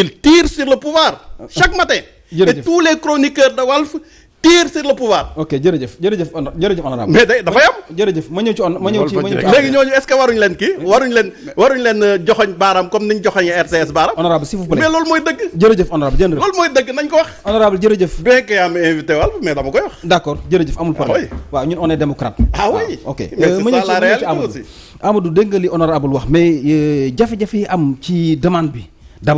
il tire sur le pouvoir chaque ah. matin et tous les de Walf tir sur le pouvoir. ok jërëjëf jërëjëf jërëjëf honorable mais day dafay am. jërëjëf ma ñëw ci on ma ñëw ci ma ñëw ci léegi ñooñu leen kii waruñ leen waruñ leen euh, joxoñ baaraam comme niñ joxoñee RTS baaraam. honorable s'il vous plaît mais loolu ko wax. honorable jërëjëf. bien que yaa ma invité wal d' accord jërëjëf amul problème ah waaw ah euh, ma ñëw ci Amadou Amadou honorable wax mais euh, jafe-jafe yi am ci demande bi d'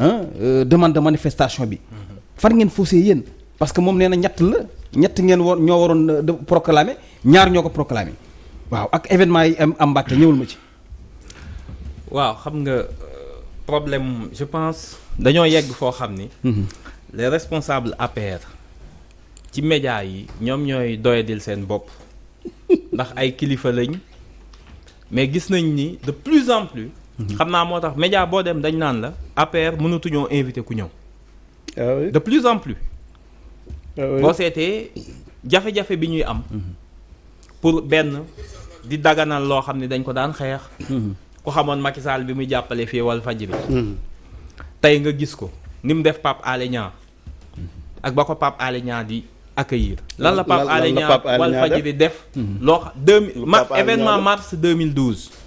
Euh, demande de manifestation bi far ngeen faussé yéen parce que moom nee na ñett la ñett ngeen war ñoo waroon euh, proclamer ñaar ñoo ko proclamer waaw ak événement yi am am Mbàkke ñëwul ma ci waaw xam nga euh, problème je pense dañoo yegg foo xam ni mhm. les responsables APR ci médias yi ñoom ñooy doyadil seen bopp ndax ay kilifa lañ mais gis nañ ni de plus en plus Mhm. xam naa moo tax média boo dem dañ naan la APR mënatuñoo invité ku ñëw. Ah de plus en plus. Ah boo seetee jafe-jafe bi ñuy am. Mhm. pour benn di daganal loo xam ne dañ ko daan xeex. Mhm. ku xamoon Macky Sall bi muy jàppale fii Walfadjri. tey nga gis ko ni mu def Pape Alé Niang ak ba ko Pape Alé di. accueillir lan la Pape Alé Niang Walfadjri def loo xam deux mille événement mars 2012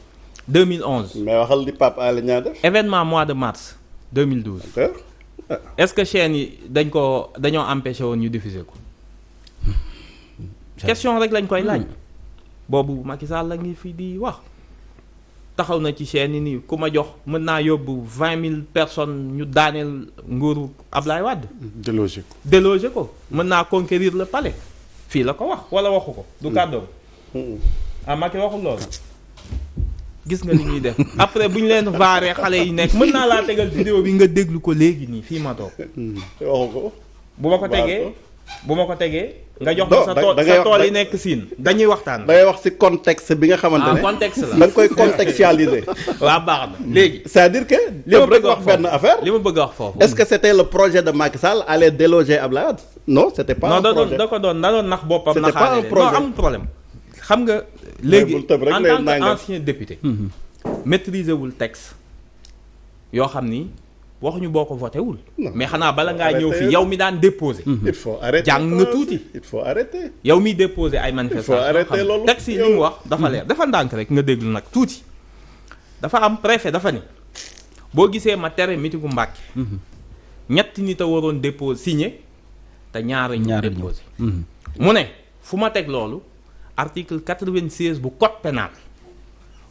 2011. mais waxal di Pape Alé Niang def. événement mois de mars 2012. est-ce que chaîne yi dañ ko dañoo empêché woon ñu diffuser ko. question rek lañ koy laaj. boobu Macky Sall la ngi fi di wax. taxaw na ci chaîne yi nii ku ma jox mën naa yóbbu vingt mille personnes ñu daaneel nguuru Ablaye Wade. déloger ko déloger ko mën naa conquérir le palais. fii la ko wax wala waxu ko. du mm. kàddoom. Mm. ah Macky waxul loolu. gis nga li ñuy def après bu ñu leen vaaree xale yi nekk mën naa laa tegal vidéo bi nga déglu ko léegi nii fii ma toog. ko. bu ma ko tegee bu ma ko tegee. nga jox ko sa tool sa tool yi nekk siin dañuy waxtaan. da ngay wax ci contexte bi nga xamante ah, ne contexte la da koy contextualiser. waa baax na léegi. cest dire que. li ma bëgg a wax foofu benn affaire li ma bëgg a wax foofu. est que c'était le projet de Macky Sall aller déloger Ablaye Wade non c'était pas. un projet non da doon da ko doon da doon nax problème. xam nga léegi en tant que ancien député mhm. wul texte yoo xam ni waxuñu boo ko voté wul mais xanaa bala ngaa ñëw fii yow mi daan déposé il faut jàng nga tuuti il faut yow miy déposé ay manifestation loolu texte yi li mu wax dafa leer dafa ndànk rek nga déglu nag tuuti dafa am préfet dafa ni boo gisee ma tere mitigu Mbàkke mhm. ñetti nit a waroon déposé signé te ñaar ñu déposé mhm. mu ne fu ma teg loolu article quatre vingt bu code pénal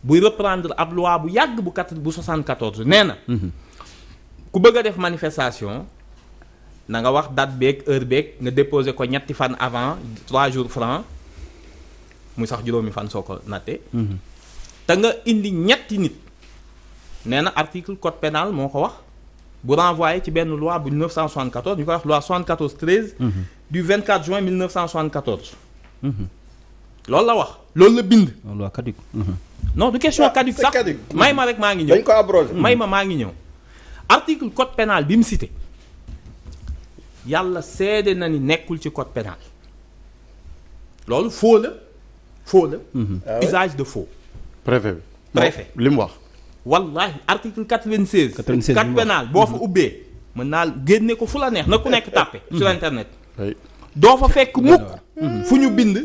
buy reprendre ab loi bu yàgg bu quatre bu soixante-quatorze nee na mhm. ku bëgg a def manifestation na nga wax date beeg heure beeg nga déposé ko ñetti fan avant trois jours francs mu sax juróomi fan soo ko natte mhm. te nga indi ñetti nit nee na article code pénal moo ko wax bu renvoyé ci benn loi bu 1974 ñu koy wax loi 74 13 mhm. du 24 juin loolu la wax loolu la bind. loolu waa Kaddu. Mhm. non du question Kaddu sax may ma rek maa ngi ñëw. ko may ma maa ngi ñëw. article code pénal bi mu cité yàlla seede na ni nekkul ci code pénal loolu faux la la. Mhm. Ah usage de faux. préfet bi préfet li mu wax. wallahi article 96. 96 code pénal boo fa mhm. ubbee mën naa génne ko fu la neex na ku nekk tàppe sur internet. doo fa fekk mukk fu ñu bind.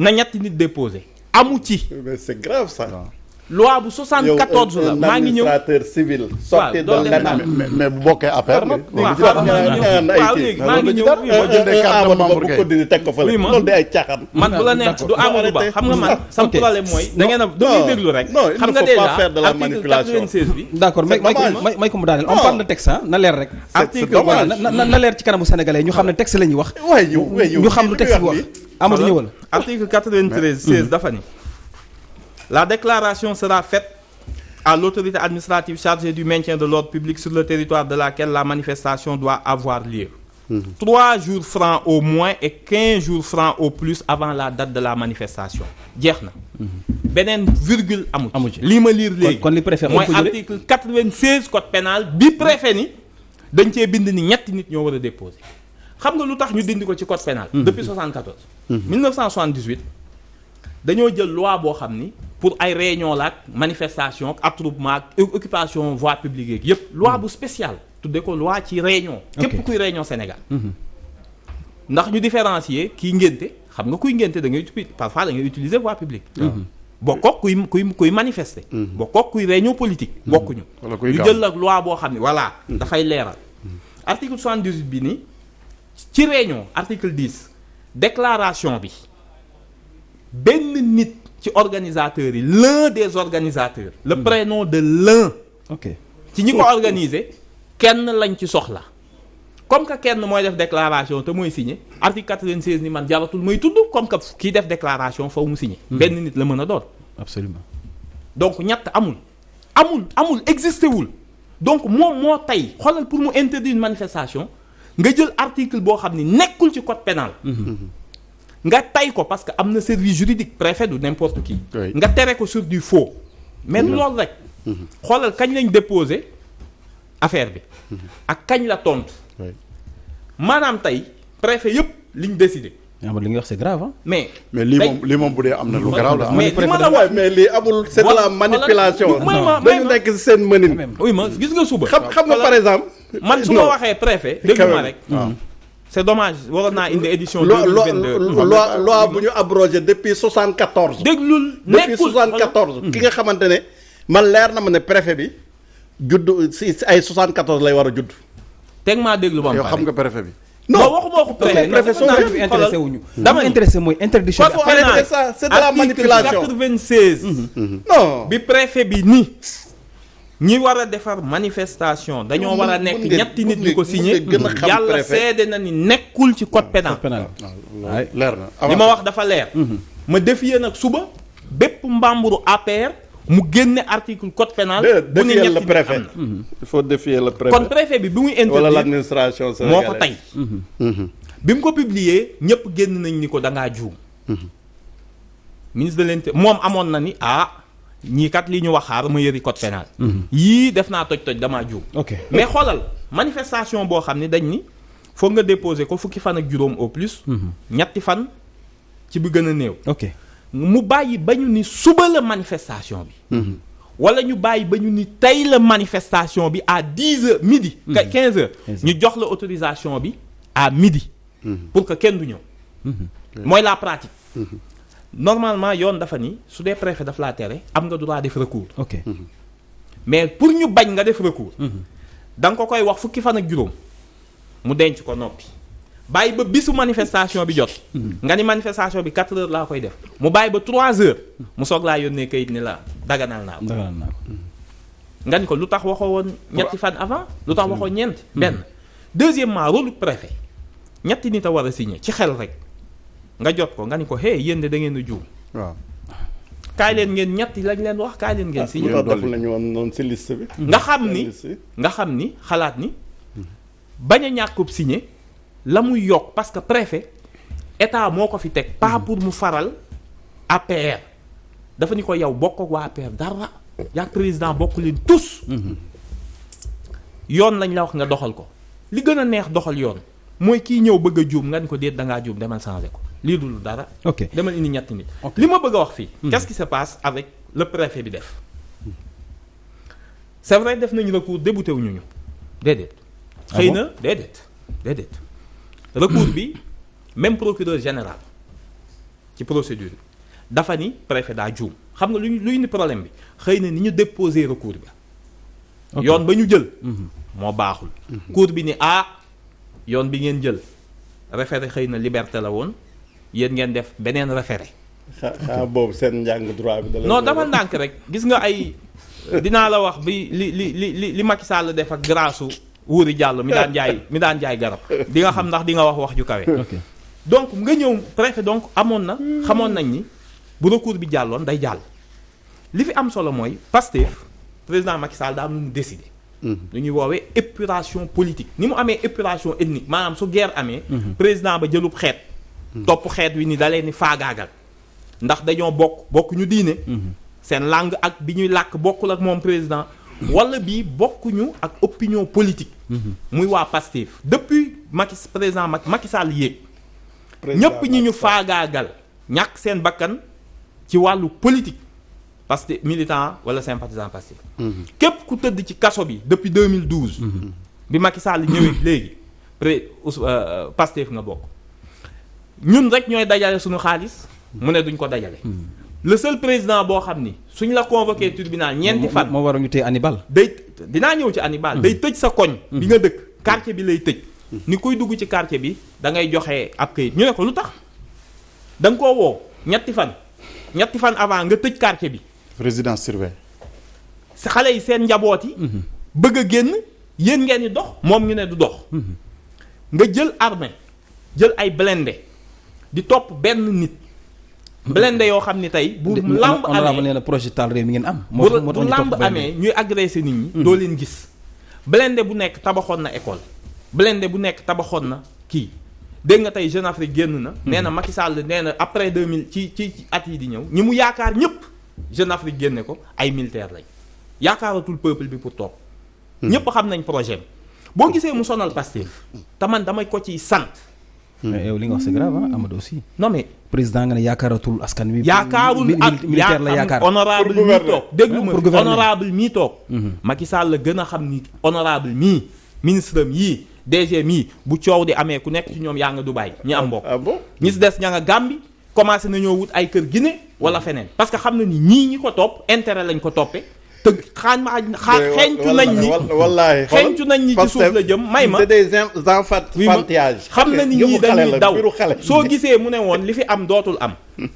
na ñetti nit déposé amu ci. mais c'est grave ça. loi bu 74 la maa ngi ñëw administrateur civil. sorti mais bu bokkee affaire bi. waaw léegi maa ngi ñëw ko dindi man bu la neex du Amadou Ba xam nga man. sama problème mooy. da ngeen a dañuy déglu rek. xam nga déjà article 96 bi. d'accord may may may ko mu daaneel on parle de texte na leer rek. article voilà na leer ci kanamu sénégalais ñu xam ne texte la ñuy wax. ñu xam lu texte bi wax. Amadou ñëwal article 93 16 dafa ni la déclaration sera fait à l'autorité administrative chargée du maintien de l'ordre public sur le territoire de laquelle la manifestation doit avoir lieu mhm. trois jours francs au moins et quinze jours francs au plus avant la date de la manifestation jeex na mhm. beneen virgule amu ci lii ma liir léegi kon li préfet mooy article 96 code pénal bi préfet ni dañ cee bind ni ñetti nit ñoo war a déposer xam nga lu tax ñu dindi ko ci code pénal mhm. depuis 74. 1978 mhm. dañoo jël loi boo xam ni pour ay réunion laak manifestation attroupement ak occupation voie publique yëpp yépp loi mhm. bu spécial tudde ko loi ci réunion képp kuy réunion Sénégal ndax ñu différencier kii ngénte xam nga kuy ngénte da ngay parfois da ngay utiliser voie publique bokkook kuy kuy kuy manifester bokkook kuy réunion politique bokkuñu ñu jël ak loi boo xam ne voilà dafay leeral article bi nii ci réunion article 10 déclaration bi benn nit ci organisateurs yi l'un des organisateurs le mmh. prénom de l'un ok ci ñi ko organiser kenn lañ ci soxla comme que kenn mooy def déclaration te mooy signé article 96 ni man jaratul mooy tudd comme que kii def déclaration foofu mu signé hmm. benn nit la mën a doon absolument donc ñett amul amul amul existé wul donc moom moo tey xoolal pour mu interdire une manifestation nga jël article boo xam ni nekkul ci code pénal nga tey ko parce que am na service juridique préfet du n'importe qui nga tere ko sur du faux mais loolu rek mhm. xoolal kañ lañ déposé affaire bi mhm. ak kañ la tontu maanaam tey préfet yëpp liñ décidé yaa li nga wax c'est grave hein? mais mais bu dee am na lu mais li ma la wax mais lii amul c'est la manipulation. dañu nekk seen ma gis nga suba. xam xam nga par exemple. man su ma waxee préfet déglu ma rek ah. Ah. c'est dommage waroon naa indi édition 2022 loi loi bu ñu abrogé depuis 74 déglul nekkul depuis 74 hmm. ki nga xamante ne man leer na ma ne préfet bi judd si ay 74 lay war a judd teg maa déglu ba yow xam nga préfet bi no waxuma waxu préfet soo intéressé wuñu dama intéressé mooy interdiction la manipulation 96 non bi préfet bi nii ñi war a defar manifestation dañoo war a nekk ñetti nit ñu ko signé yàlla seede na ni nekkul ci code pénal ah, ah, ah, leer na li ma wax dafa leer mhm. ma défier nag suba bépp mbàmburu APR mu génne article code pénal bu ne ñetti nit am na mhm. il faut défier préfet kon préfet bi bi muy interdire l'administration moo ko tey mhm. bi mu ko publier ñëpp génn nañ ni ko dangaa juum ministre de moom amoon na ni ah ñii kat li ñu wax xaar ma yëri code pénal mhm. yii def naa toj toj damaa juum mais xoolal manifestation boo xam ne dañ ni foog nga déposer ko fukki fan ak juróom au plus mhm. ñetti fan ci bi gën a néew ok mu bàyyi ba ñu ni suba la manifestation bi mhm. wala ñu bàyyi ba ñu ni tey la manifestation bi à dix heures midi quinze heures ñu jox la autorisation bi à midi kenn du ñëw mooy la pratique normalement yoon dafa ni su dee préfet daf laa tere am nga du droit def recours. ok mhm. mais pour ñu bañ nga def recours. Mhm. da nga ko koy wax fukki fan ak juróom mu denc ko noppi bàyyi ba bisu manifestation bi jot. Mhm. nga ni manifestation bi quatre heures laa koy def mu bàyyi ba trois heures mu soog laa yónnee kayit ni la daganal naa ko. daganal naa nga ni ko lu tax waxoo woon ñetti fan avant. lu tax waxoo ñeent benn. deuxièmement rôle préfet ñetti nit a war a siñe ci xel rek. nga jot ko nga ni ko hey yéen de da ngeen a juum. waaw kaay leen ngeen ñetti lañ leen wax kaay leen ngeen. si ñu deful nañu woon noonu si liste bi. nga xam ni nga xam ni xalaat ni bañ a ñàkkub signé la muy yokk parce que préfet état moo ko fi teg. pas mhm. pour mu faral APR. dafa ni ko yow bokk ak waa APR dara yaa président bokk leen tous. Mhm. yoon lañ la wax nga doxal ko li gën a neex doxal yoon. mooy kii ñëw bëgg a juum nga ne ko déet da juum demal changé ko lii dul dara. ok demal indi ñetti nit. li ma bëgg a wax fii. Hmm. quest ki qui se passe avec le préfet bi def. c'est vrai def nañu recours débouté wu ñu ñu déedéet. Ah xëy na déedéet déedéet. recours bi même procureur général ci procédure bi dafa ni préfet daa juum xam nga lu luy ni problème bi xëy na ni ñu déposé recours bi. yoon ba ñu jël. Mhm. moo baaxul. Mhm. cour bi ni ah. yoon bi ngeen jël référé xëy na liberté la woon yéen ngeen def beneen référé. xanaa boobu seen njàng noo bi. ndànk rek gis nga ay dinaa la wax bi li li li li Macky Sall def ak grâce Wuri Diallo mi daan jaay mi daan jaay garab di nga xam ndax dinga wax wax ju kawe. donc nga ñëw préfet donc amoon na xamoon nañ ni bu recours bi jàlloon day jàll. li fi am solo mooy Pastef président Macky Sall daa am mu décidé lu ñuy woowee épuration politique ni mu amee épiration etnique maanaam su guerre amee président ba jëlub xeet topp xeet wi ni dalee ni faagaagal ndax dañoo bokk bokk ñu diine seen langue ak bi ñuy làkk bokkul ak moom président wala bii bokkuñu ak opinion politique muy waa Pastef depuis Macky président Macky Sall yéeg ñépp ñi ñu faagaagal ñàkk seen bakkan ci wàllu politique parce que militant wala sympathisant Pastef mhm. képp ku tëdd ci kaso bi depuis 2012. Mhm. bi Macky Sall ñëwee léegi pré euh, Pastef nga bokk ñun rek ñooy dajale suñu xaalis mu ne duñ ko dajale. Mhm. le seul président boo xam ni suñu la convoqué tribunal ñeenti fan. moo waroon ñu téye Hannibal. day dinaa ñëw ci Hannibal. day tëj sa koñ. bi nga dëkk quartier bi lay tëj. ni kuy dugg ci quartier bi da ngay joxe ab kayit ñu ne ko lu tax da nga koo woo ñetti fan ñetti fan avant nga tëj quartier bi. résidence surveillée. si xale yi seen njaboot yi. Mhm. bëgg a génn yéen ngeen di dox moom ñu ne du dox. Mhm. nga jël arme jël ay blindé di topp benn nit. Mhm. blindé yoo xam ni tey. bu lamb amee nee na projet taal réew ngeen am. moo tax bu lamb amee ñuy agressé nit ñi. doo leen gis blindé bu nekk tabaxoon na école. blindé bu nekk tabaxoon na kii. dégg nga tey Jeune Afrique génn na. nee na Macky nee na après 2000 ci ci at yi di ñëw ñi mu yaakaar ñëpp. Jeune Afrique génne ko ay militaire lañ yaakaaratul peuple bi pour toog. Hmm. ñëpp xam nañ projet boo hmm. gisee mu sonal Pastef te man damay ko ci sant. Hmm. li nga wax c'est grave ah Amadou aussi. non mais président nga ne yaakaaratul askan wi. yaakaarul ak militaire la yaakaar honorable mii toog déglu ma honorable mii toog. Macky Sall la gën a xam ni honorable mii ministre am yii DG mii bu coow di amee ku nekk ci ñoom yaa nga Dubaï ñi am mbokk. Ah ñi si des ña nga Gambie commencé nañoo wut ay kër Guinée wala mm. feneen parce que xam na ni ñii ñi ko topp intérêt lañ ko toppee te xaañ ma xaa xeeñcu nañ ñi wallaahi xeeñcu nañ ñi ci suuf la jëm may ma c'est des enfantillages xam na ni ñii dañuy daw soo gisee mu ne woon li fi am dootul am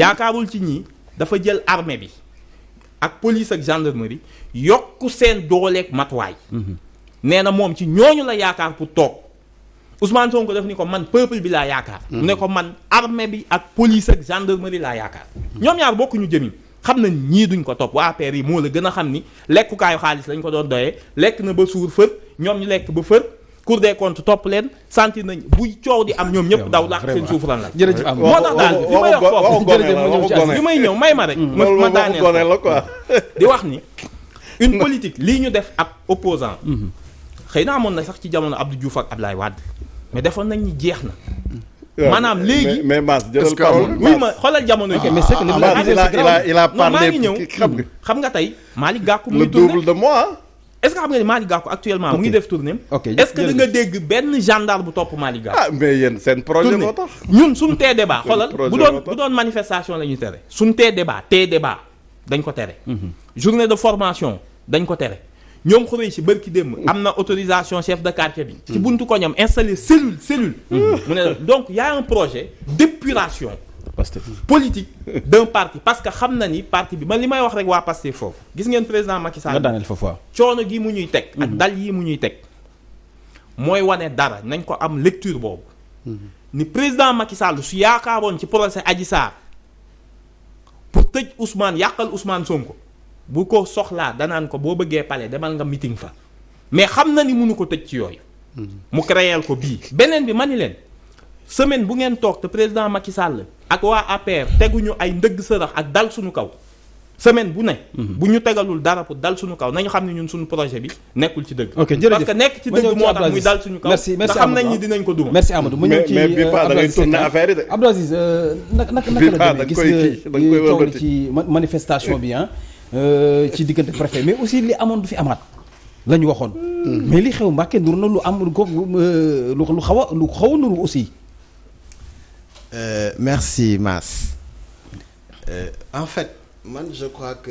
yaakaarul ci ñii dafa jël armée bi ak police ak gendarmerie yokk seen dooleeg matuwaay mm-hmm. nee moom ci ñooñu la yaakaar pour toog Ousmane Sonko def ni ko man peuple bi laa yaakaar. Mm. ne ko man armée bi ak police ak gendarmerie laa yaakaar. ñoom ñaar bokkuñu jëmiñ xam na ñii duñ ko topp waa APR yi moo la gën a xam ni lekkukaayu xaalis lañ ko doon doyee lekk na ba suur fër ñoom ñu lekk ba fër. cour des comptes topp leen santi nañ buy coow di am ñoom ñëpp daw laax seen suuf lan la jërëjëf am moo tax mm. ma ma daaneel la quoi di wax ni une politique lii ñu def ab opposant mm-hmm. xëy na amoon na sax ci jamono Abdou Diouf ak Abdoulaye Wade mais defoon nañ ni jeex na. maanaam léegi mais mais jëlal parole oui ma xoolal jamono ji. Ah, mais c'est que ah, il a parlé xam nga xam nga tey. maali Gakou mu ngi tourné le double de moi. est xam nga ni Malick Gakou actuellement mu ngi def tournée ok est nga dégg benn gendarme bu topp maali Gakou. ah mais yéen seen projet moo tax ñun suñu tee débat xoolal bu doon bu doon manifestation la ñuy tere. suñu tee débat tee débat dañ ko tere. Mhm. journée de formation dañ ko tere. ñoom xuree si bërki démb am na autorisation chef de quartier bi ci buntu ko ñam installer cellule cellule mhm. mu ne donc y a un projet d'épuration politique d'un parti parce que xam na ni parti bi man li may wax rek waa Pastef foofu gis ngeen président Macky Sall coono gi mu ñuy teg ak mhm. dal yi mu ñuy teg mooy wane dara nañ ko am lecture boobu mhm. ni président Macky Sall su yaakaaroon ci procès aji Sarr pour tëj Ousmane yàqal Ousmane Sonko bu ko soxlaa danaan ko boo bëggee pale demal nga meeting fa mais xam na ni munu ko tëj ci yooyu. mu créer ko bii. beneen bi ma ni leen semaine bu ngeen toog te président Macky Sall ak waa APR teguñu ay ndëgg sërax ak dal suñu kaw semaine bu ne. Mhm. bu ñu tegalul dara pour dal suñu kaw nañu xam ne ñun suñu projet bi nekkul ci dëgg. ok jërëjëf parce que nekk ci dëgg moo tax muy dal suñu kaw. merci merci Amadou dinañ ko duma. merci Amadou mu ñëw ci mais bi pas euh, da ngay tourner affaire yi de. Euh, euh, manifestation bi ah. Euh, ci diggante préfet mais aussi li amoon du fi amaat la ñu waxoon. Hmm. mais li xew Mbàkke nuru na lu am lu ko euh, lu xaw a lu xaw a nuru aussi. Euh, merci Mass. en fait man je crois que.